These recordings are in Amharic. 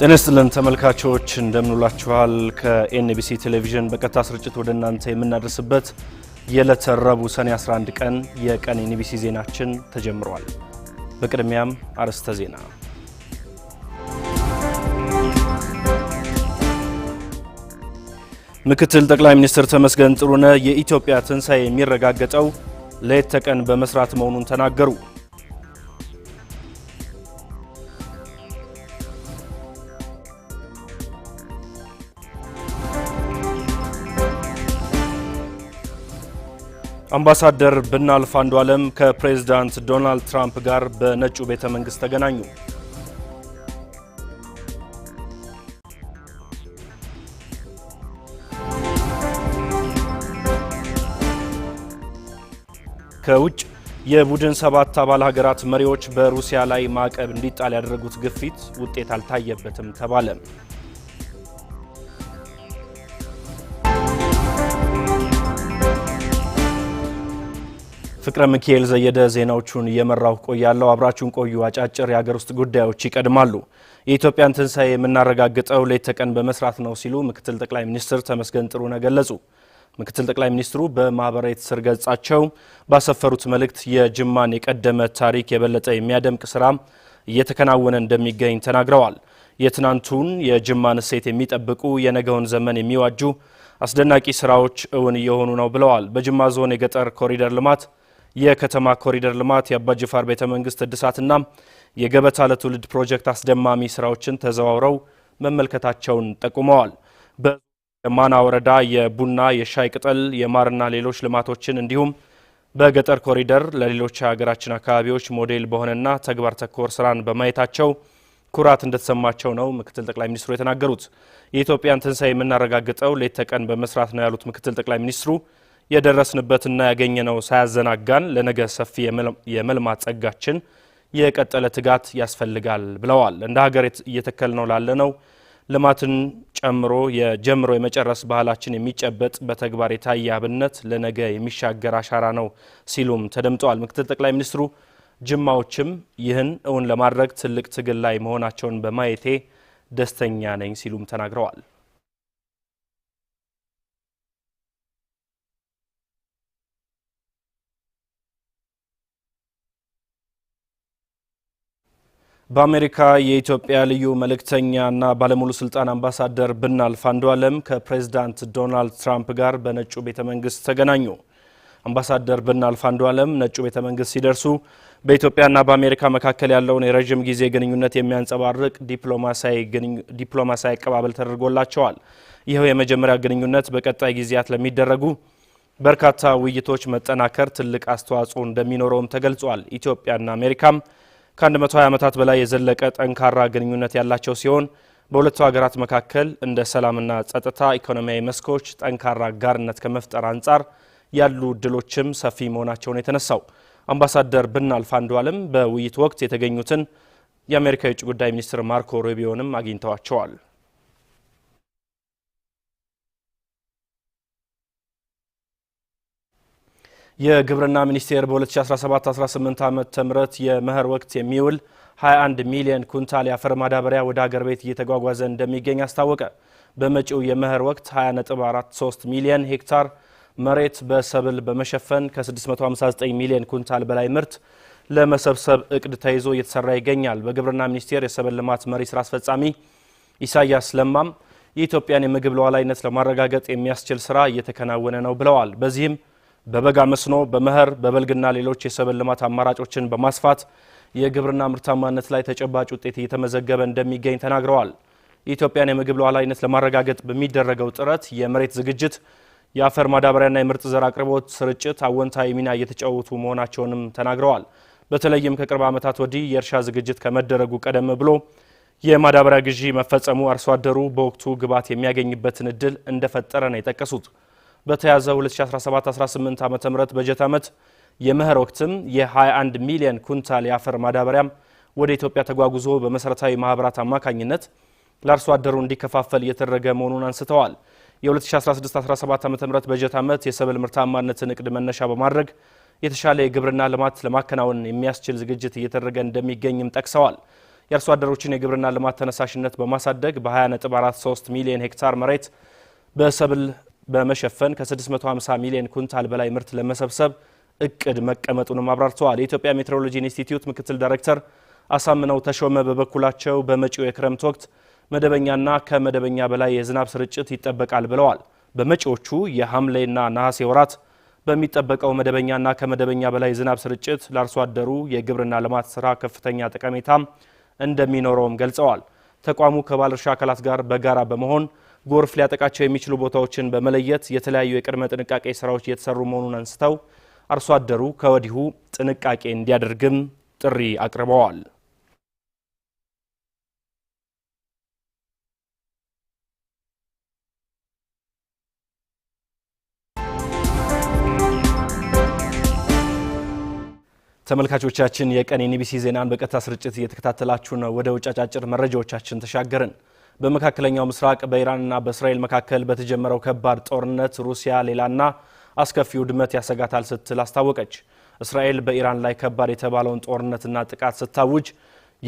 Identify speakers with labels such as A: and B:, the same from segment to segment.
A: ጤና ይስጥልን ተመልካቾች እንደምንውላችኋል። ከኤንቢሲ ቴሌቪዥን በቀጥታ ስርጭት ወደ እናንተ የምናደርስበት የዕለተ ረቡዕ ሰኔ 11 ቀን የቀን ኤንቢሲ ዜናችን ተጀምሯል። በቅድሚያም አርዕስተ ዜና። ምክትል ጠቅላይ ሚኒስትር ተመስገን ጥሩነህ የኢትዮጵያ ትንሣኤ የሚረጋገጠው ሌት ተቀን በመስራት መሆኑን ተናገሩ። አምባሳደር ብናልፍ አንዱዓለም ከፕሬዝዳንት ዶናልድ ትራምፕ ጋር በነጩ ቤተ መንግስት ተገናኙ። ከውጭ የቡድን ሰባት አባል ሀገራት መሪዎች በሩሲያ ላይ ማዕቀብ እንዲጣል ያደረጉት ግፊት ውጤት አልታየበትም ተባለ። ፍቅረ ሚካኤል ዘየደ ዜናዎቹን እየመራው ቆያለው። አብራችሁን ቆዩ። አጫጭር የሀገር ውስጥ ጉዳዮች ይቀድማሉ። የኢትዮጵያን ትንሣኤ የምናረጋግጠው ሌት ተቀን በመስራት ነው ሲሉ ምክትል ጠቅላይ ሚኒስትር ተመስገን ጥሩነህ ገለጹ። ምክትል ጠቅላይ ሚኒስትሩ በማኅበራዊ ትስስር ገጻቸው ባሰፈሩት መልእክት የጅማን የቀደመ ታሪክ የበለጠ የሚያደምቅ ስራ እየተከናወነ እንደሚገኝ ተናግረዋል። የትናንቱን የጅማን እሴት የሚጠብቁ የነገውን ዘመን የሚዋጁ አስደናቂ ስራዎች እውን እየሆኑ ነው ብለዋል። በጅማ ዞን የገጠር ኮሪደር ልማት የከተማ ኮሪደር ልማት፣ የአባጅፋር ቤተ መንግስት እድሳትና የገበታ ለትውልድ ፕሮጀክት አስደማሚ ስራዎችን ተዘዋውረው መመልከታቸውን ጠቁመዋል። በማና ወረዳ የቡና የሻይ ቅጠል የማርና ሌሎች ልማቶችን እንዲሁም በገጠር ኮሪደር ለሌሎች የሀገራችን አካባቢዎች ሞዴል በሆነና ተግባር ተኮር ስራን በማየታቸው ኩራት እንደተሰማቸው ነው ምክትል ጠቅላይ ሚኒስትሩ የተናገሩት። የኢትዮጵያን ትንሣኤ የምናረጋግጠው ሌት ተቀን በመስራት ነው ያሉት ምክትል ጠቅላይ ሚኒስትሩ የደረስንበትና ያገኘነው ሳያዘናጋን ለነገ ሰፊ የመልማት ጸጋችን የቀጠለ ትጋት ያስፈልጋል ብለዋል። እንደ ሀገር እየተከልነው ላለነው ልማትን ጨምሮ የጀምሮ የመጨረስ ባህላችን የሚጨበጥ በተግባር የታየ አብነት ለነገ የሚሻገር አሻራ ነው ሲሉም ተደምጠዋል። ምክትል ጠቅላይ ሚኒስትሩ ጅማዎችም ይህን እውን ለማድረግ ትልቅ ትግል ላይ መሆናቸውን በማየቴ ደስተኛ ነኝ ሲሉም ተናግረዋል። በአሜሪካ የኢትዮጵያ ልዩ መልእክተኛና ባለሙሉ ስልጣን አምባሳደር ብናልፍ አንዱዓለም ከፕሬዝዳንት ዶናልድ ትራምፕ ጋር በነጩ ቤተ መንግስት ተገናኙ። አምባሳደር ብናልፍ አንዱዓለም ነጩ ቤተ መንግስት ሲደርሱ በኢትዮጵያና በአሜሪካ መካከል ያለውን የረዥም ጊዜ ግንኙነት የሚያንጸባርቅ ዲፕሎማሲያዊ አቀባበል ተደርጎላቸዋል። ይኸው የመጀመሪያ ግንኙነት በቀጣይ ጊዜያት ለሚደረጉ በርካታ ውይይቶች መጠናከር ትልቅ አስተዋጽኦ እንደሚኖረውም ተገልጿል። ኢትዮጵያና አሜሪካም ከ120 ዓመታት በላይ የዘለቀ ጠንካራ ግንኙነት ያላቸው ሲሆን በሁለቱ ሀገራት መካከል እንደ ሰላምና ጸጥታ፣ ኢኮኖሚያዊ መስኮች ጠንካራ አጋርነት ከመፍጠር አንጻር ያሉ እድሎችም ሰፊ መሆናቸውን የተነሳው አምባሳደር ብናልፍ አንዱዓለም በውይይት ወቅት የተገኙትን የአሜሪካ የውጭ ጉዳይ ሚኒስትር ማርኮ ሩቢዮንም አግኝተዋቸዋል። የግብርና ሚኒስቴር በ2017-18 ዓ ም የመኸር ወቅት የሚውል 21 ሚሊዮን ኩንታል የአፈር ማዳበሪያ ወደ አገር ቤት እየተጓጓዘ እንደሚገኝ አስታወቀ። በመጪው የመኸር ወቅት 20.43 ሚሊዮን ሄክታር መሬት በሰብል በመሸፈን ከ659 ሚሊዮን ኩንታል በላይ ምርት ለመሰብሰብ እቅድ ተይዞ እየተሰራ ይገኛል። በግብርና ሚኒስቴር የሰብል ልማት መሪ ስራ አስፈጻሚ ኢሳያስ ለማም የኢትዮጵያን የምግብ ሉዓላዊነት ለማረጋገጥ የሚያስችል ስራ እየተከናወነ ነው ብለዋል። በዚህም በበጋ መስኖ፣ በመኸር፣ በበልግና ሌሎች የሰብል ልማት አማራጮችን በማስፋት የግብርና ምርታማነት ላይ ተጨባጭ ውጤት እየተመዘገበ እንደሚገኝ ተናግረዋል። የኢትዮጵያን የምግብ ሉዓላዊነት ለማረጋገጥ በሚደረገው ጥረት የመሬት ዝግጅት፣ የአፈር ማዳበሪያና የምርጥ ዘር አቅርቦት ስርጭት አወንታዊ ሚና እየተጫወቱ መሆናቸውንም ተናግረዋል። በተለይም ከቅርብ ዓመታት ወዲህ የእርሻ ዝግጅት ከመደረጉ ቀደም ብሎ የማዳበሪያ ግዢ መፈጸሙ አርሶ አደሩ በወቅቱ ግብዓት የሚያገኝበትን እድል እንደፈጠረ ነው የጠቀሱት። በተያዘ 2017-18 ዓ ም በጀት ዓመት የመኸር ወቅትም የ21 ሚሊዮን ኩንታል የአፈር ማዳበሪያም ወደ ኢትዮጵያ ተጓጉዞ በመሠረታዊ ማኅበራት አማካኝነት ለአርሶ አደሩ እንዲከፋፈል እየተደረገ መሆኑን አንስተዋል። የ2016-17 ዓ ም በጀት ዓመት የሰብል ምርታማነትን እቅድ መነሻ በማድረግ የተሻለ የግብርና ልማት ለማከናወን የሚያስችል ዝግጅት እየተደረገ እንደሚገኝም ጠቅሰዋል። የአርሶ አደሮችን የግብርና ልማት ተነሳሽነት በማሳደግ በ20.43 ሚሊዮን ሄክታር መሬት በሰብል በመሸፈን ከ650 ሚሊዮን ኩንታል በላይ ምርት ለመሰብሰብ እቅድ መቀመጡንም አብራርተዋል። የኢትዮጵያ ሜትሮሎጂ ኢንስቲትዩት ምክትል ዳይሬክተር አሳምነው ተሾመ በበኩላቸው በመጪው የክረምት ወቅት መደበኛና ከመደበኛ በላይ የዝናብ ስርጭት ይጠበቃል ብለዋል። በመጪዎቹ የሐምሌና ነሐሴ ወራት በሚጠበቀው መደበኛና ከመደበኛ በላይ ዝናብ ስርጭት ለአርሶ አደሩ የግብርና ልማት ስራ ከፍተኛ ጠቀሜታም እንደሚኖረውም ገልጸዋል። ተቋሙ ከባለድርሻ አካላት ጋር በጋራ በመሆን ጎርፍ ሊያጠቃቸው የሚችሉ ቦታዎችን በመለየት የተለያዩ የቅድመ ጥንቃቄ ስራዎች እየተሰሩ መሆኑን አንስተው አርሶ አደሩ ከወዲሁ ጥንቃቄ እንዲያደርግም ጥሪ አቅርበዋል። ተመልካቾቻችን የቀን የኒቢሲ ዜናን በቀጥታ ስርጭት እየተከታተላችሁ ነው። ወደ ውጭ አጫጭር መረጃዎቻችን ተሻገርን። በመካከለኛው ምስራቅ በኢራንና በእስራኤል መካከል በተጀመረው ከባድ ጦርነት ሩሲያ ሌላና አስከፊ ውድመት ያሰጋታል ስትል አስታወቀች። እስራኤል በኢራን ላይ ከባድ የተባለውን ጦርነትና ጥቃት ስታውጅ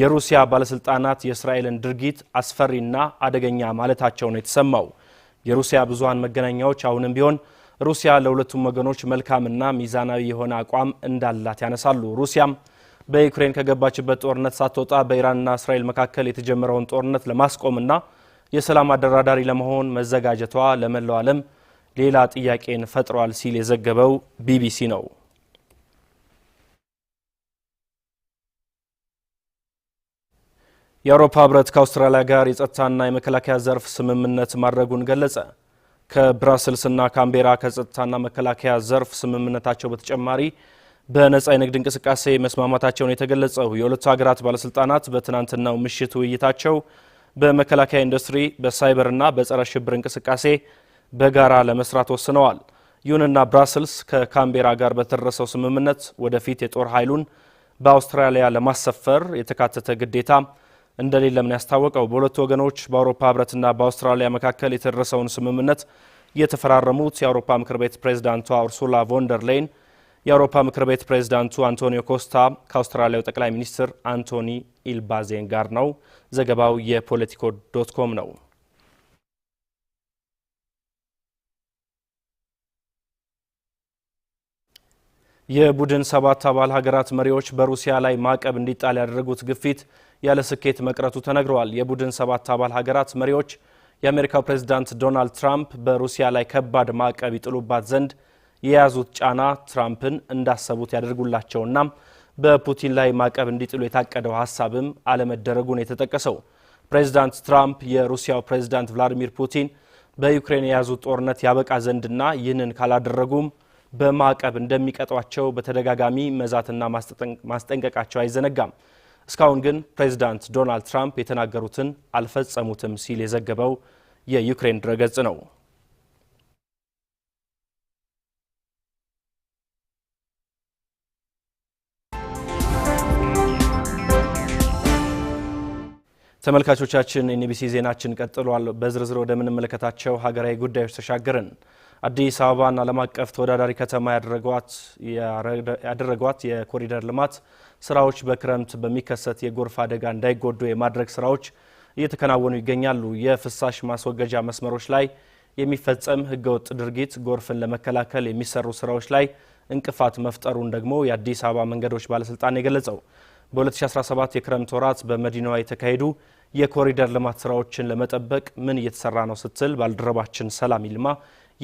A: የሩሲያ ባለስልጣናት የእስራኤልን ድርጊት አስፈሪና አደገኛ ማለታቸው ነው የተሰማው። የሩሲያ ብዙሃን መገናኛዎች አሁንም ቢሆን ሩሲያ ለሁለቱም ወገኖች መልካምና ሚዛናዊ የሆነ አቋም እንዳላት ያነሳሉ። ሩሲያም በዩክሬን ከገባችበት ጦርነት ሳትወጣ በኢራንና እስራኤል መካከል የተጀመረውን ጦርነት ለማስቆምና የሰላም አደራዳሪ ለመሆን መዘጋጀቷ ለመላው ዓለም ሌላ ጥያቄን ፈጥሯል ሲል የዘገበው ቢቢሲ ነው። የአውሮፓ ህብረት ከአውስትራሊያ ጋር የጸጥታና የመከላከያ ዘርፍ ስምምነት ማድረጉን ገለጸ። ከብራስልስና ካምቤራ ከጸጥታና መከላከያ ዘርፍ ስምምነታቸው በተጨማሪ በነጻ የንግድ እንቅስቃሴ መስማማታቸውን የተገለጸው የሁለቱ ሀገራት ባለስልጣናት በትናንትናው ምሽት ውይይታቸው በመከላከያ ኢንዱስትሪ፣ በሳይበርና በጸረ ሽብር እንቅስቃሴ በጋራ ለመስራት ወስነዋል። ይሁንና ብራስልስ ከካምቤራ ጋር በተደረሰው ስምምነት ወደፊት የጦር ኃይሉን በአውስትራሊያ ለማሰፈር የተካተተ ግዴታ እንደሌለም ነው ያስታወቀው። በሁለቱ ወገኖች በአውሮፓ ህብረትና በአውስትራሊያ መካከል የተደረሰውን ስምምነት የተፈራረሙት የአውሮፓ ምክር ቤት ፕሬዚዳንቷ ኡርሱላ ቮንደር ሌይን የአውሮፓ ምክር ቤት ፕሬዝዳንቱ አንቶኒዮ ኮስታ ከአውስትራሊያው ጠቅላይ ሚኒስትር አንቶኒ ኢልባዜን ጋር ነው። ዘገባው የፖለቲኮ ዶት ኮም ነው። የቡድን ሰባት አባል ሀገራት መሪዎች በሩሲያ ላይ ማዕቀብ እንዲጣል ያደረጉት ግፊት ያለ ስኬት መቅረቱ ተነግረዋል። የቡድን ሰባት አባል ሀገራት መሪዎች የአሜሪካው ፕሬዝዳንት ዶናልድ ትራምፕ በሩሲያ ላይ ከባድ ማዕቀብ ይጥሉባት ዘንድ የያዙት ጫና ትራምፕን እንዳሰቡት ያደርጉላቸውና በፑቲን ላይ ማዕቀብ እንዲጥሉ የታቀደው ሀሳብም አለመደረጉን የተጠቀሰው ፕሬዚዳንት ትራምፕ የሩሲያው ፕሬዚዳንት ቭላዲሚር ፑቲን በዩክሬን የያዙት ጦርነት ያበቃ ዘንድና ይህንን ካላደረጉም በማዕቀብ እንደሚቀጧቸው በተደጋጋሚ መዛትና ማስጠንቀቃቸው አይዘነጋም። እስካሁን ግን ፕሬዚዳንት ዶናልድ ትራምፕ የተናገሩትን አልፈጸሙትም ሲል የዘገበው የዩክሬን ድረገጽ ነው። ተመልካቾቻችን ኢንቢሲ ዜናችን ቀጥሏል። በዝርዝር ወደምንመለከታቸው ሀገራዊ ጉዳዮች ተሻገርን። አዲስ አበባን ዓለም አቀፍ ተወዳዳሪ ከተማ ያደረጓት የኮሪደር ልማት ስራዎች በክረምት በሚከሰት የጎርፍ አደጋ እንዳይጎዱ የማድረግ ስራዎች እየተከናወኑ ይገኛሉ። የፍሳሽ ማስወገጃ መስመሮች ላይ የሚፈጸም ህገወጥ ድርጊት ጎርፍን ለመከላከል የሚሰሩ ስራዎች ላይ እንቅፋት መፍጠሩን ደግሞ የአዲስ አበባ መንገዶች ባለስልጣን የገለጸው በ2017 የክረምት ወራት በመዲናዋ የተካሄዱ የኮሪደር ልማት ስራዎችን ለመጠበቅ ምን እየተሰራ ነው ስትል ባልደረባችን ሰላም ይልማ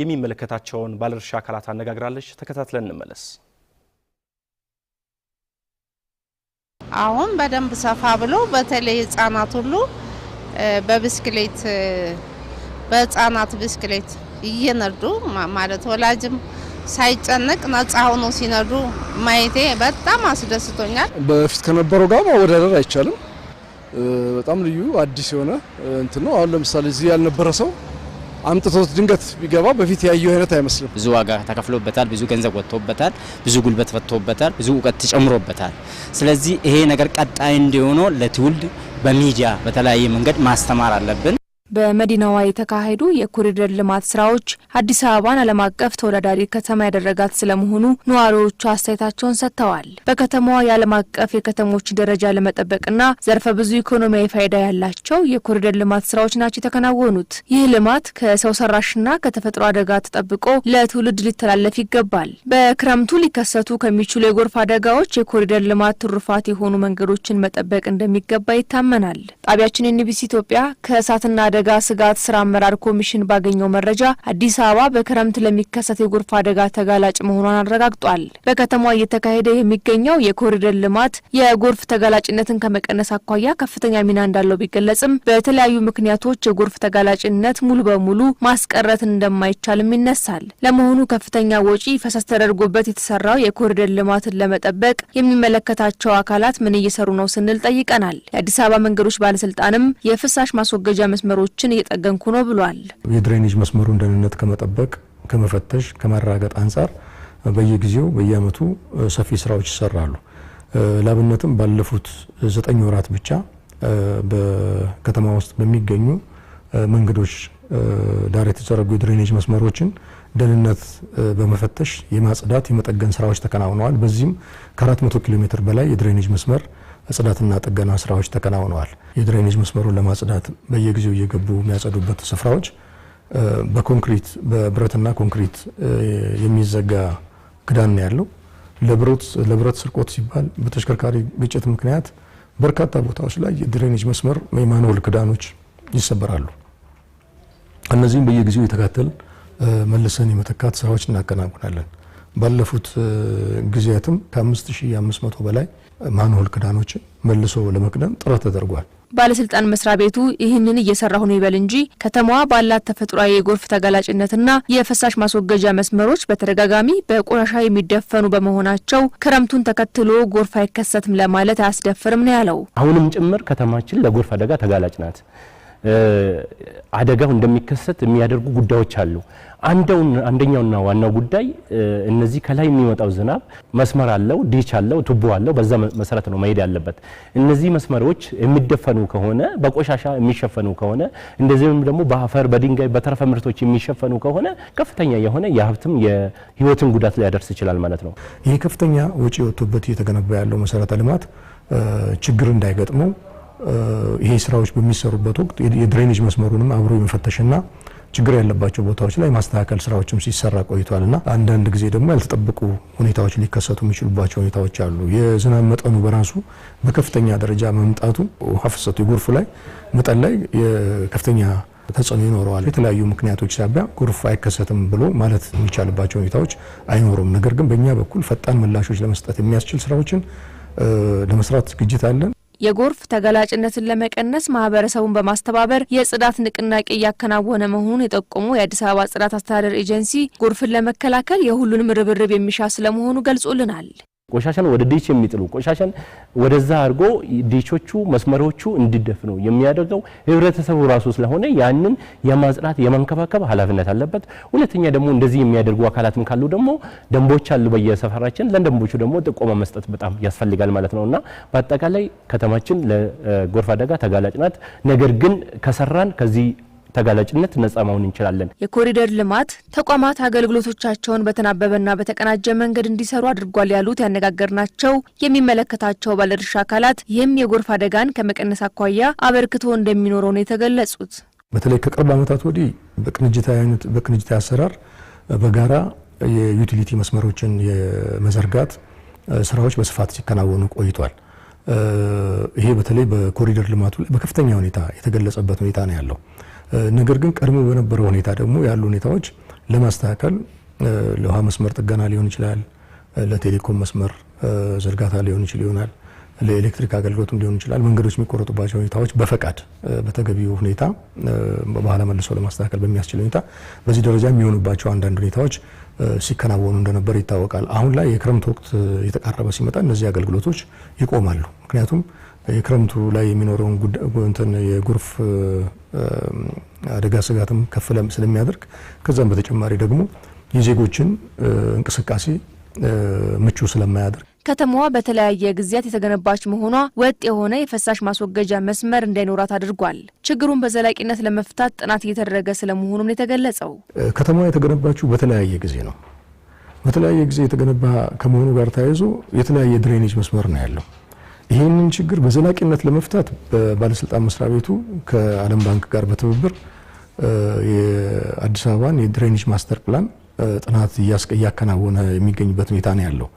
A: የሚመለከታቸውን ባለድርሻ አካላት አነጋግራለች። ተከታትለን እንመለስ።
B: አሁን በደንብ ሰፋ ብሎ በተለይ ህጻናት ሁሉ በብስክሌት በህጻናት ብስክሌት እየነዱ ማለት ወላጅም ሳይጨነቅ ነጻ ሆኖ ሲነዱ ማየቴ በጣም አስደስቶኛል።
C: በፊት ከነበረው ጋር ማወዳደር አይቻልም። በጣም ልዩ አዲስ የሆነ እንትን ነው። አሁን ለምሳሌ እዚህ ያልነበረ ሰው አምጥቶት ድንገት ቢገባ በፊት ያየው አይነት አይመስልም።
D: ብዙ ዋጋ ተከፍሎበታል፣ ብዙ ገንዘብ ወጥቶበታል፣ ብዙ ጉልበት ወጥቶበታል፣ ብዙ እውቀት ተጨምሮበታል። ስለዚህ ይሄ ነገር ቀጣይ እንዲሆነው ለትውልድ በሚዲያ በተለያየ መንገድ ማስተማር አለብን።
E: በመዲናዋ የተካሄዱ የኮሪደር ልማት ስራዎች አዲስ አበባን ዓለም አቀፍ ተወዳዳሪ ከተማ ያደረጋት ስለመሆኑ ነዋሪዎቹ አስተያየታቸውን ሰጥተዋል። በከተማዋ የዓለም አቀፍ የከተሞች ደረጃ ለመጠበቅና ዘርፈ ብዙ ኢኮኖሚያዊ ፋይዳ ያላቸው የኮሪደር ልማት ስራዎች ናቸው የተከናወኑት። ይህ ልማት ከሰው ሰራሽና ከተፈጥሮ አደጋ ተጠብቆ ለትውልድ ሊተላለፍ ይገባል። በክረምቱ ሊከሰቱ ከሚችሉ የጎርፍ አደጋዎች የኮሪደር ልማት ትሩፋት የሆኑ መንገዶችን መጠበቅ እንደሚገባ ይታመናል። ጣቢያችን ኤንቢሲ ኢትዮጵያ ከእሳትና አደጋ ስጋት ስራ አመራር ኮሚሽን ባገኘው መረጃ አዲስ አበባ በክረምት ለሚከሰት የጎርፍ አደጋ ተጋላጭ መሆኗን አረጋግጧል። በከተማዋ እየተካሄደ የሚገኘው የኮሪደር ልማት የጎርፍ ተጋላጭነትን ከመቀነስ አኳያ ከፍተኛ ሚና እንዳለው ቢገለጽም በተለያዩ ምክንያቶች የጎርፍ ተጋላጭነት ሙሉ በሙሉ ማስቀረት እንደማይቻልም ይነሳል። ለመሆኑ ከፍተኛ ወጪ ፈሰስ ተደርጎበት የተሰራው የኮሪደር ልማትን ለመጠበቅ የሚመለከታቸው አካላት ምን እየሰሩ ነው ስንል ጠይቀናል። የአዲስ አበባ መንገዶች ባለስልጣንም የፍሳሽ ማስወገጃ መስመሮ መስመሮችን እየጠገንኩ ነው ብሏል።
C: የድሬኔጅ መስመሩን ደህንነት ከመጠበቅ ከመፈተሽ፣ ከማረጋገጥ አንጻር በየጊዜው በየአመቱ ሰፊ ስራዎች ይሰራሉ። ላብነትም ባለፉት ዘጠኝ ወራት ብቻ በከተማ ውስጥ በሚገኙ መንገዶች ዳር የተዘረጉ የድሬኔጅ መስመሮችን ደህንነት በመፈተሽ የማጽዳት የመጠገን ስራዎች ተከናውነዋል። በዚህም ከ400 ኪሎ ሜትር በላይ የድሬኔጅ መስመር ጽዳትና ጥገና ስራዎች ተከናውነዋል። የድሬኔጅ መስመሩን ለማጽዳት በየጊዜው እየገቡ የሚያጸዱበት ስፍራዎች በኮንክሪት በብረትና ኮንክሪት የሚዘጋ ክዳን ነው ያለው። ለብረት ስርቆት ሲባል በተሽከርካሪ ግጭት ምክንያት በርካታ ቦታዎች ላይ የድሬኔጅ መስመር የማንሆል ክዳኖች ይሰበራሉ። እነዚህም በየጊዜው የተካተል መልሰን የመተካት ስራዎች እናከናውናለን። ባለፉት ጊዜያትም ከ5500 በላይ ማንሆል ክዳኖችን መልሶ ለመክዳን ጥረት ተደርጓል።
D: ባለስልጣን መስሪያ ቤቱ ይህንን እየሰራሁ ነው ይበል እንጂ ከተማዋ ባላት ተፈጥሯዊ የጎርፍ ተጋላጭነትና የፍሳሽ ማስወገጃ መስመሮች በተደጋጋሚ በቆሻሻ የሚደፈኑ በመሆናቸው ክረምቱን ተከትሎ ጎርፍ አይከሰትም ለማለት አያስደፍርም ነው ያለው። አሁንም ጭምር ከተማችን ለጎርፍ አደጋ ተጋላጭ ናት። አደጋው እንደሚከሰት የሚያደርጉ ጉዳዮች አሉ። አንደኛውና ዋናው ጉዳይ እነዚህ ከላይ የሚመጣው ዝናብ መስመር አለው፣ ዲች አለው፣ ቱቦ አለው። በዛ መሰረት ነው መሄድ ያለበት። እነዚህ መስመሮች የሚደፈኑ ከሆነ በቆሻሻ የሚሸፈኑ ከሆነ እንደዚህም ደግሞ በአፈር በድንጋይ በተረፈ ምርቶች የሚሸፈኑ ከሆነ ከፍተኛ የሆነ የሀብትም የህይወትን ጉዳት ሊያደርስ ይችላል ማለት ነው።
C: ይህ ከፍተኛ ወጪ የወጡበት እየተገነባ ያለው መሰረተ ልማት ችግር እንዳይገጥመው ይሄ ስራዎች በሚሰሩበት ወቅት የድሬኔጅ መስመሩንም አብሮ የመፈተሽና ችግር ያለባቸው ቦታዎች ላይ ማስተካከል ስራዎችም ሲሰራ ቆይቷል እና አንዳንድ ጊዜ ደግሞ ያልተጠበቁ ሁኔታዎች ሊከሰቱ የሚችሉባቸው ሁኔታዎች አሉ። የዝናብ መጠኑ በራሱ በከፍተኛ ደረጃ መምጣቱ ውሃ ፍሰቱ የጎርፉ ላይ መጠን ላይ የከፍተኛ ተጽዕኖ ይኖረዋል። የተለያዩ ምክንያቶች ሳቢያ ጎርፍ አይከሰትም ብሎ ማለት የሚቻልባቸው ሁኔታዎች አይኖሩም። ነገር ግን በእኛ በኩል ፈጣን ምላሾች ለመስጠት የሚያስችል ስራዎችን ለመስራት ዝግጅት አለን።
E: የጎርፍ ተገላጭነትን ለመቀነስ ማህበረሰቡን በማስተባበር የጽዳት ንቅናቄ እያከናወነ መሆኑን የጠቆመው የአዲስ አበባ ጽዳት አስተዳደር ኤጀንሲ ጎርፍን ለመከላከል የሁሉንም ርብርብ የሚሻ ስለመሆኑ ገልጾልናል።
D: ቆሻሻን ወደ ዲች የሚጥሉ ቆሻሻን ወደዛ አድርጎ ዲቾቹ መስመሮቹ እንዲደፍኑ የሚያደርገው ህብረተሰቡ ራሱ ስለሆነ ያንን የማጽዳት የማንከባከብ ኃላፊነት አለበት። ሁለተኛ ደግሞ እንደዚህ የሚያደርጉ አካላትም ካሉ ደግሞ ደንቦች አሉ በየሰፈራችን ለደንቦቹ ደግሞ ጥቆማ መስጠት በጣም ያስፈልጋል ማለት ነውና በአጠቃላይ ከተማችን ለጎርፍ አደጋ ተጋላጭ ናት። ነገር ግን ከሰራን ከዚህ ተጋላጭነት ነጻ መሆን እንችላለን።
E: የኮሪደር ልማት ተቋማት አገልግሎቶቻቸውን በተናበበና በተቀናጀ መንገድ እንዲሰሩ አድርጓል ያሉት ያነጋገርናቸው የሚመለከታቸው ባለድርሻ አካላት ይህም የጎርፍ አደጋን ከመቀነስ አኳያ አበርክቶ እንደሚኖረው ነው የተገለጹት።
C: በተለይ ከቅርብ ዓመታት ወዲህ በቅንጅታዊ አሰራር በጋራ የዩቲሊቲ መስመሮችን የመዘርጋት ስራዎች በስፋት ሲከናወኑ ቆይቷል። ይሄ በተለይ በኮሪደር ልማቱ ላይ በከፍተኛ ሁኔታ የተገለጸበት ሁኔታ ነው ያለው። ነገር ግን ቀድሞ በነበረው ሁኔታ ደግሞ ያሉ ሁኔታዎች ለማስተካከል ለውሃ መስመር ጥገና ሊሆን ይችላል፣ ለቴሌኮም መስመር ዝርጋታ ሊሆን ይችል ይሆናል፣ ለኤሌክትሪክ አገልግሎትም ሊሆን ይችላል። መንገዶች የሚቆረጡባቸው ሁኔታዎች በፈቃድ በተገቢው ሁኔታ በኋላ መልሶ ለማስተካከል በሚያስችል ሁኔታ በዚህ ደረጃ የሚሆኑባቸው አንዳንድ ሁኔታዎች ሲከናወኑ እንደነበር ይታወቃል። አሁን ላይ የክረምት ወቅት የተቃረበ ሲመጣ እነዚህ አገልግሎቶች ይቆማሉ። ምክንያቱም የክረምቱ ላይ የሚኖረውን እንትን የጎርፍ አደጋ ስጋትም ከፍ ስለሚያደርግ ከዛም በተጨማሪ ደግሞ የዜጎችን እንቅስቃሴ ምቹ ስለማያደርግ
E: ከተማዋ በተለያየ ጊዜያት የተገነባች መሆኗ ወጥ የሆነ የፈሳሽ ማስወገጃ መስመር እንዳይኖራት አድርጓል። ችግሩን በዘላቂነት ለመፍታት ጥናት እየተደረገ ስለመሆኑም ነው የተገለጸው።
C: ከተማዋ የተገነባችው በተለያየ ጊዜ ነው። በተለያየ ጊዜ የተገነባ ከመሆኑ ጋር ተያይዞ የተለያየ ድሬኔጅ መስመር ነው ያለው። ይህንን ችግር በዘላቂነት ለመፍታት በባለስልጣን መስሪያ ቤቱ ከዓለም ባንክ ጋር በትብብር የአዲስ አበባን የድሬኔጅ ማስተር ፕላን ጥናት እያከናወነ የሚገኝበት ሁኔታ ነው ያለው።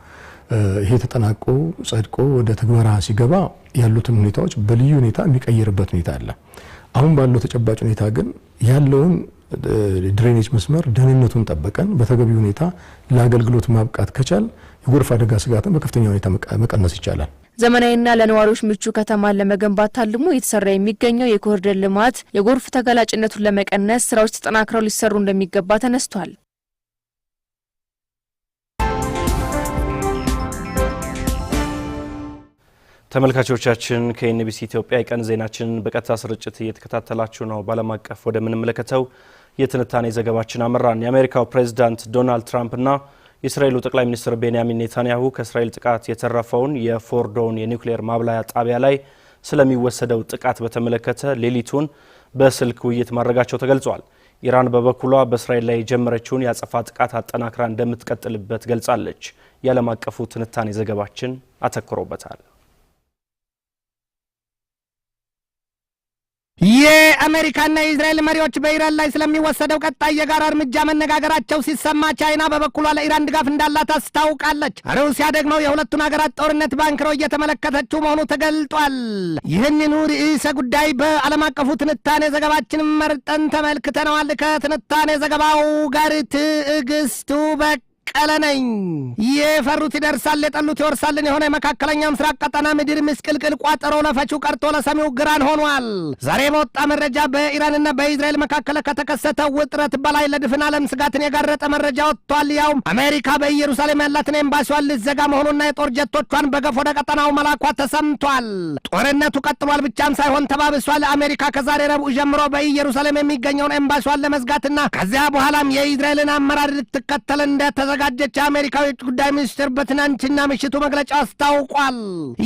C: ይሄ ተጠናቆ ጸድቆ ወደ ትግበራ ሲገባ ያሉትን ሁኔታዎች በልዩ ሁኔታ የሚቀይርበት ሁኔታ አለ። አሁን ባለው ተጨባጭ ሁኔታ ግን ያለውን ድሬኔጅ መስመር ደህንነቱን ጠበቀን በተገቢ ሁኔታ ለአገልግሎት ማብቃት ከቻል የጎርፍ አደጋ ስጋትን በከፍተኛ ሁኔታ መቀነስ ይቻላል።
E: ዘመናዊና ለነዋሪዎች ምቹ ከተማን ለመገንባት ታልሞ እየተሰራ የሚገኘው የኮሪደር ልማት የጎርፍ ተጋላጭነቱን ለመቀነስ ስራዎች ተጠናክረው ሊሰሩ እንደሚገባ ተነስቷል።
A: ተመልካቾቻችን ከኤንቢሲ ኢትዮጵያ የቀን ዜናችን በቀጥታ ስርጭት እየተከታተላችሁ ነው። በዓለም አቀፍ ወደምንመለከተው የትንታኔ ዘገባችን አመራን። የአሜሪካው ፕሬዚዳንት ዶናልድ ትራምፕና የእስራኤሉ ጠቅላይ ሚኒስትር ቤንያሚን ኔታንያሁ ከእስራኤል ጥቃት የተረፈውን የፎርዶውን የኒውክሌር ማብላያ ጣቢያ ላይ ስለሚወሰደው ጥቃት በተመለከተ ሌሊቱን በስልክ ውይይት ማድረጋቸው ተገልጿል። ኢራን በበኩሏ በእስራኤል ላይ የጀመረችውን የአጸፋ ጥቃት አጠናክራ እንደምትቀጥልበት ገልጻለች። የዓለም አቀፉ ትንታኔ ዘገባችን አተኩሮበታል።
F: የአሜሪካና የእስራኤል መሪዎች በኢራን ላይ ስለሚወሰደው ቀጣይ የጋራ እርምጃ መነጋገራቸው ሲሰማ ቻይና በበኩሏ ለኢራን ድጋፍ እንዳላት አስታውቃለች። ሩሲያ ደግሞ የሁለቱን ሀገራት ጦርነት ባንክሮ እየተመለከተችው መሆኑ ተገልጧል። ይህንኑ ርዕሰ ጉዳይ በዓለም አቀፉ ትንታኔ ዘገባችን መርጠን ተመልክተነዋል። ከትንታኔ ዘገባው ጋር ትዕግስቱ በቅ በቀለ ነኝ። የፈሩት ይደርሳል፣ የጠሉት ይወርሳልን የሆነ የመካከለኛ ምስራቅ ቀጠና ምድር ምስቅልቅል ቋጠሮ ለፈቺው ቀርቶ ለሰሚው ግራን ሆኗል። ዛሬ በወጣ መረጃ በኢራንና በኢዝራኤል መካከል ከተከሰተ ውጥረት በላይ ለድፍን ዓለም ስጋትን የጋረጠ መረጃ ወጥቷል። ያውም አሜሪካ በኢየሩሳሌም ያላትን ኤምባሲዋን ልዘጋ መሆኑና የጦር ጀቶቿን በገፍ ወደ ቀጠናው መላኳ ተሰምቷል። ጦርነቱ ቀጥሏል ብቻም ሳይሆን ተባብሷል። አሜሪካ ከዛሬ ረቡዕ ጀምሮ በኢየሩሳሌም የሚገኘውን ኤምባሲዋን ለመዝጋትና ከዚያ በኋላም የኢዝራኤልን አመራር ልትከተል እንደተዘ እንዳዘጋጀች የአሜሪካዊ የውጭ ጉዳይ ሚኒስትር በትናንትና ምሽቱ መግለጫ አስታውቋል።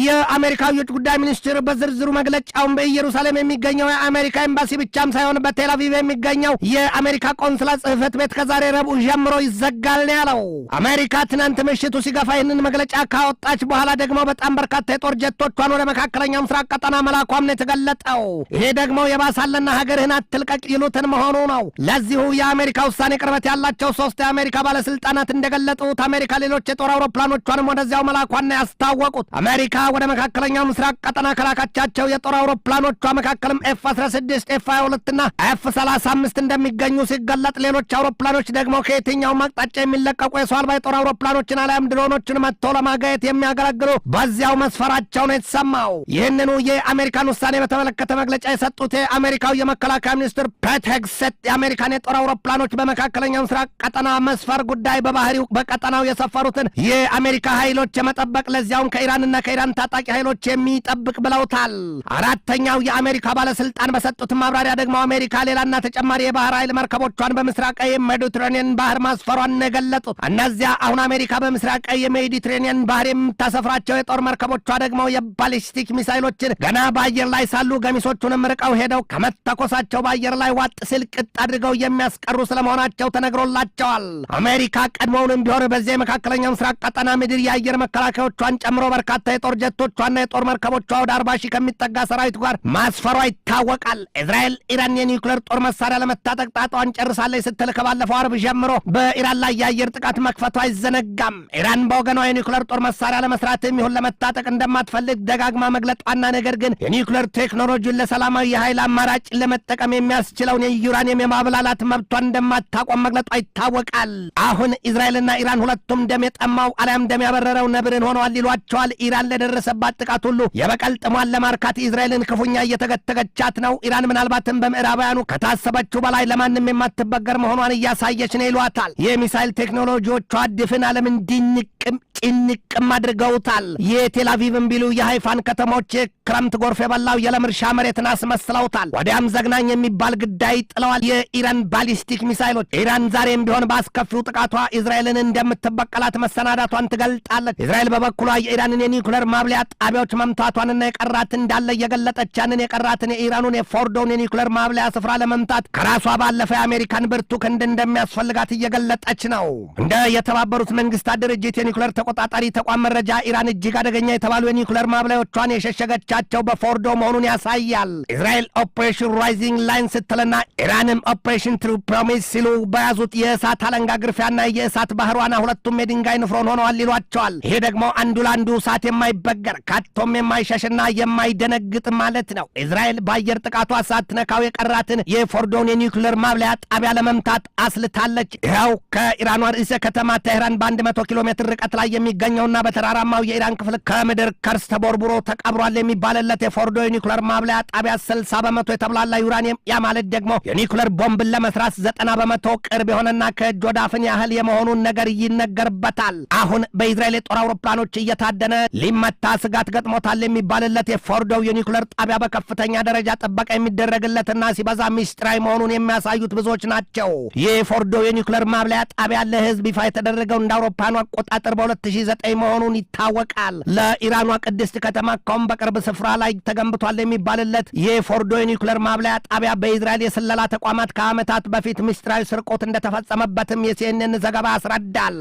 F: የአሜሪካዊ የውጭ ጉዳይ ሚኒስትር በዝርዝሩ መግለጫውን በኢየሩሳሌም የሚገኘው የአሜሪካ ኤምባሲ ብቻም ሳይሆን በቴል አቪቭ የሚገኘው የአሜሪካ ቆንስላ ጽህፈት ቤት ከዛሬ ረቡዕ ጀምሮ ይዘጋል ነው ያለው። አሜሪካ ትናንት ምሽቱ ሲገፋ ይህንን መግለጫ ካወጣች በኋላ ደግሞ በጣም በርካታ የጦር ጀቶቿን ወደ መካከለኛው ምስራቅ ቀጠና መላኳም ነው የተገለጠው። ይሄ ደግሞ የባሳለና ሀገርህን አትልቀቅ ይሉትን መሆኑ ነው። ለዚሁ የአሜሪካ ውሳኔ ቅርበት ያላቸው ሶስት የአሜሪካ ባለስልጣናት እንደገለጡት አሜሪካ ሌሎች የጦር አውሮፕላኖቿንም ወደዚያው መላኳና ያስታወቁት አሜሪካ ወደ መካከለኛው ምስራቅ ቀጠና ከላካቻቸው የጦር አውሮፕላኖቿ መካከልም ኤፍ 16 ኤፍ 22ና ኤፍ 35 እንደሚገኙ ሲገለጥ ሌሎች አውሮፕላኖች ደግሞ ከየትኛው አቅጣጫ የሚለቀቁ የሰው አልባ የጦር አውሮፕላኖችን አሊያም ድሮኖችን መጥቶ ለማጋየት የሚያገለግሉ በዚያው መስፈራቸው ነው የተሰማው። ይህንኑ የአሜሪካን ውሳኔ በተመለከተ መግለጫ የሰጡት የአሜሪካው የመከላከያ ሚኒስትር ፔት ሄግሴት የአሜሪካን የጦር አውሮፕላኖች በመካከለኛው ምስራቅ ቀጠና መስፈር ጉዳይ በባህ በዛሬው በቀጠናው የሰፈሩትን የአሜሪካ ኃይሎች የመጠበቅ ለዚያውም ከኢራንና ከኢራን ታጣቂ ኃይሎች የሚጠብቅ ብለውታል። አራተኛው የአሜሪካ ባለስልጣን በሰጡት ማብራሪያ ደግሞ አሜሪካ ሌላና ተጨማሪ የባህር ኃይል መርከቦቿን በምስራቅ የሜዲትሬኒየን ባህር ማስፈሯን የገለጹት እነዚያ አሁን አሜሪካ በምስራቅ የሜዲትሬኒየን ባህር የምታሰፍራቸው የጦር መርከቦቿ ደግሞ የባሊስቲክ ሚሳይሎችን ገና በአየር ላይ ሳሉ ገሚሶቹንም ርቀው ሄደው ከመተኮሳቸው በአየር ላይ ዋጥ ስልቅጥ ቅጥ አድርገው የሚያስቀሩ ስለመሆናቸው ተነግሮላቸዋል። አሜሪካ ቀድሞውን ቢሆን በዚያ የመካከለኛው ምስራቅ ቀጠና ምድር የአየር መከላከያዎቿን ጨምሮ በርካታ የጦር ጀቶቿና የጦር መርከቦቿ ወደ አርባ ሺህ ከሚጠጋ ሰራዊት ጋር ማስፈሯ ይታወቃል። እስራኤል ኢራን የኒውክሌር ጦር መሳሪያ ለመታጠቅ ጣጣዋን ጨርሳለች ስትል ከባለፈው አርብ ጀምሮ በኢራን ላይ የአየር ጥቃት መክፈቱ አይዘነጋም። ኢራን በወገኗ የኒውክሌር ጦር መሳሪያ ለመስራት የሚሆን ለመታጠቅ እንደማትፈልግ ደጋግማ መግለጧና ነገር ግን የኒውክሌር ቴክኖሎጂን ለሰላማዊ የኃይል አማራጭ ለመጠቀም የሚያስችለውን የዩራኒየም የማብላላት መብቷን እንደማታቆም መግለጧ ይታወቃል። አሁን እስራኤልና ኢራን ሁለቱም ደም የጠማው አሊያም ደም ያበረረው ነብርን ሆነዋል ይሏቸዋል። ኢራን ለደረሰባት ጥቃት ሁሉ የበቀል ጥሟን ለማርካት እስራኤልን ክፉኛ እየተገተገቻት ነው። ኢራን ምናልባትም በምዕራባውያኑ ከታሰበችው በላይ ለማንም የማትበገር መሆኗን እያሳየች ነው ይሏታል። የሚሳይል ቴክኖሎጂዎቿ ድፍን ዓለም እንዲንቅም ጭንቅም አድርገውታል። የቴላቪቭን ቢሉ የሃይፋን ከተሞች ክረምት ጎርፍ የበላው የለም እርሻ መሬትን አስመስለውታል። ወዲያም ዘግናኝ የሚባል ግዳይ ጥለዋል። የኢራን ባሊስቲክ ሚሳይሎች ኢራን ዛሬም ቢሆን በአስከፊው ጥቃቷ እስራኤልን እንደምትበቀላት መሰናዳቷን ትገልጣለች። እስራኤል በበኩሏ የኢራንን የኒውክለር ማብሊያ ጣቢያዎች መምታቷንና የቀራት እንዳለ እየገለጠች ያንን የቀራትን የኢራኑን የፎርዶውን የኒውክለር ማብሊያ ስፍራ ለመምታት ከራሷ ባለፈ የአሜሪካን ብርቱ ክንድ እንደሚያስፈልጋት እየገለጠች ነው። እንደ የተባበሩት መንግስታት ድርጅት የኒውክለር ተቆጣጣሪ ተቋም መረጃ ኢራን እጅግ አደገኛ የተባሉ የኒውክለር ማብለያዎቿን የሸሸገቻቸው በፎርዶ መሆኑን ያሳያል። እስራኤል ኦፕሬሽን ራይዚንግ ላይን ስትልና ኢራንም ኦፕሬሽን ትሩ ፕሮሚስ ሲሉ በያዙት የእሳት አለንጋ ግርፊያና የእሳት የእሳት ባህሯና ሁለቱም የድንጋይ ንፍሮን ሆነዋል ይሏቸዋል። ይሄ ደግሞ አንዱ ለአንዱ እሳት የማይበገር ካቶም የማይሸሽና የማይደነግጥ ማለት ነው። እስራኤል በአየር ጥቃቷ ሳትነካው የቀራትን የፎርዶን የኒውክሌር ማብለያ ጣቢያ ለመምታት አስልታለች። ይኸው ከኢራኗ ርዕሰ ከተማ ቴህራን በ መቶ ኪሎ ሜትር ርቀት ላይ የሚገኘውና በተራራማው የኢራን ክፍል ከምድር ከርስ ተቦርቡሮ ተቀብሯል የሚባልለት የፎርዶ የኒውክሌር ማብለያ ጣቢያ 60 በመቶ የተብላላ ዩራኒየም፣ ያ ማለት ደግሞ የኒውክሌር ቦምብን ለመስራት ዘጠና በመቶ ቅርብ የሆነና ከእጅ ወደ አፍን ያህል የመሆኑ መሆኑን ነገር ይነገርበታል። አሁን በኢዝራኤል የጦር አውሮፕላኖች እየታደነ ሊመታ ስጋት ገጥሞታል የሚባልለት የፎርዶው የኒውክለር ጣቢያ በከፍተኛ ደረጃ ጥበቃ የሚደረግለትና ሲበዛ ሚስጥራዊ መሆኑን የሚያሳዩት ብዙዎች ናቸው። ይህ ፎርዶው የኒኩለር ማብለያ ጣቢያ ለህዝብ ይፋ የተደረገው እንደ አውሮፓኑ አቆጣጠር በ2009 መሆኑን ይታወቃል። ለኢራኗ ቅድስት ከተማ ካሁን በቅርብ ስፍራ ላይ ተገንብቷል የሚባልለት የፎርዶ የኒኩለር ማብለያ ጣቢያ በኢዝራኤል የስለላ ተቋማት ከዓመታት በፊት ምስጢራዊ ስርቆት እንደተፈጸመበትም የሲኤንኤን ዘገባ ያስረዳል።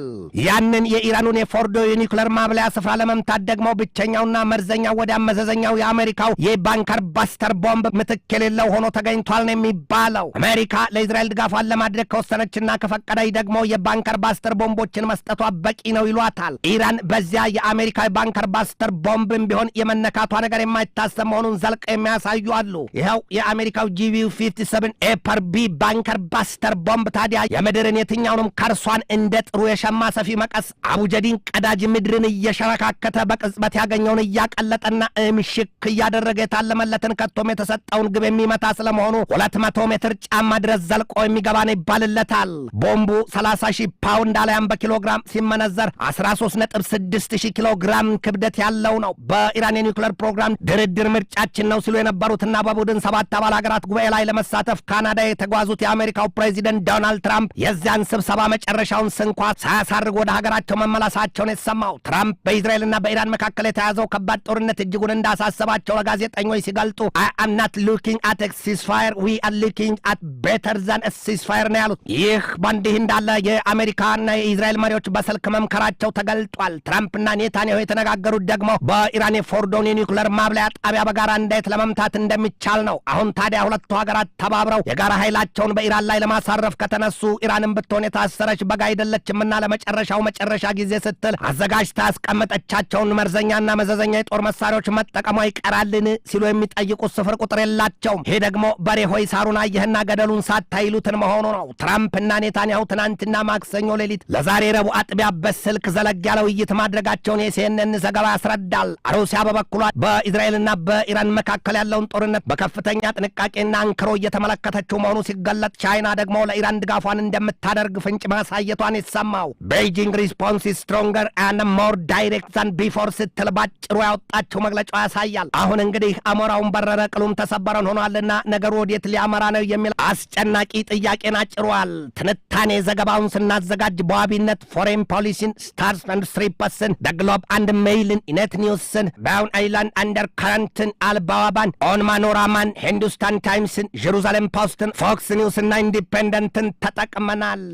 F: ያንን የኢራኑን የፎርዶ የኒኩለር ማብለያ ስፍራ ለመምታት ደግሞ ብቸኛውና መርዘኛው ወደ መዘዘኛው የአሜሪካው የባንከር ባስተር ቦምብ ምትክ የሌለው ሆኖ ተገኝቷል ነው የሚባለው። አሜሪካ ለእስራኤል ድጋፏን ለማድረግ ከወሰነችና ከፈቀደች ደግሞ የባንከር ባስተር ቦምቦችን መስጠቷ በቂ ነው ይሏታል። ኢራን በዚያ የአሜሪካ የባንከር ባስተር ቦምብም ቢሆን የመነካቷ ነገር የማይታሰብ መሆኑን ዘልቀ የሚያሳዩ አሉ። ይኸው የአሜሪካው ጂቪዩ 57 ኤፐርቢ ባንከር ባስተር ቦምብ ታዲያ የምድርን የትኛውንም ከርሷን እንደ ጥሩ የሸማ ሰፊ መቀስ አቡጀዲን ቀዳጅ ምድርን እየሸረካከተ በቅጽበት ያገኘውን እያቀለጠና እምሽክ እያደረገ የታለመለትን ከቶም የተሰጠውን ግብ የሚመታ ስለመሆኑ ሁለት መቶ ሜትር ጫማ ድረስ ዘልቆ የሚገባን ይባልለታል። ቦምቡ 30 ሺህ ፓውንድ አሊያም በኪሎግራም ሲመነዘር 136 ሺህ ኪሎግራም ክብደት ያለው ነው። በኢራን የኒውክሌር ፕሮግራም ድርድር ምርጫችን ነው ሲሉ የነበሩትና በቡድን ሰባት አባል ሀገራት ጉባኤ ላይ ለመሳተፍ ካናዳ የተጓዙት የአሜሪካው ፕሬዚደንት ዶናልድ ትራምፕ የዚያን ስብሰባ መጨረሻውን እንኳ ሳያሳርግ ወደ ሀገራቸው መመላሳቸውን የተሰማው ትራምፕ በእስራኤልና በኢራን መካከል የተያዘው ከባድ ጦርነት እጅጉን እንዳሳሰባቸው ለጋዜጠኞች ሲገልጡ አይ አም ናት ሉኪንግ አት ሲስፋየር ዊ አር ሉኪንግ አት ቤተር ዛን ሲስፋየር ነው ያሉት። ይህ በእንዲህ እንዳለ የአሜሪካና የእስራኤል መሪዎች በስልክ መምከራቸው ተገልጧል። ትራምፕና ኔታንያሁ የተነጋገሩት ደግሞ በኢራን የፎርዶን የኒውክለር ማብለያ ጣቢያ በጋራ እንዴት ለመምታት እንደሚቻል ነው። አሁን ታዲያ ሁለቱ ሀገራት ተባብረው የጋራ ኃይላቸውን በኢራን ላይ ለማሳረፍ ከተነሱ ኢራንን ብትሆን የታሰረች በጋይ አይደለችምና ለመጨረሻው መጨረሻ ጊዜ ስትል አዘጋጅታ ያስቀመጠቻቸውን መርዘኛና መዘዘኛ የጦር መሳሪያዎች መጠቀሟ ይቀራልን ሲሉ የሚጠይቁት ስፍር ቁጥር የላቸውም። ይሄ ደግሞ በሬ ሆይ ሳሩን አየህና ገደሉን ሳታይሉትን መሆኑ ነው። ትራምፕና ኔታንያሁ ትናንትና ማክሰኞ ሌሊት ለዛሬ ረቡዕ አጥቢያ በስልክ ዘለግ ያለ ውይይት ማድረጋቸውን የሲኤንኤን ዘገባ ያስረዳል። ሩሲያ በበኩሏ በእስራኤልና በኢራን መካከል ያለውን ጦርነት በከፍተኛ ጥንቃቄና አንክሮ እየተመለከተችው መሆኑ ሲገለጥ፣ ቻይና ደግሞ ለኢራን ድጋፏን እንደምታደርግ ፍንጭ ማሳየቷ ድምጿን የተሰማው ቤጂንግ ሪስፖንስ ስትሮንገር አንድ ሞር ዳይሬክት ዘን ቢፎር ስትል ባጭሩ ያወጣችው መግለጫው ያሳያል። አሁን እንግዲህ አሞራውን በረረ ቅሉም ተሰበረን ሆኗልና ነገሩ ወዴት ሊያመራ ነው የሚል አስጨናቂ ጥያቄን አጭሯል። ትንታኔ ዘገባውን ስናዘጋጅ በዋቢነት ፎሬን ፖሊሲን፣ ስታርስ አንድ ደ ግሎብ አንድ ሜይልን፣ ኢነት ኒውስን፣ ባውን አይላንድ አንደር ከረንትን፣ አልባዋባን፣ ማኖራማን፣ ሂንዱስታን ታይምስን፣ ጀሩሳሌም ፖስትን፣ ፎክስ ኒውስ እና ኢንዲፔንደንትን ተጠቅመናል።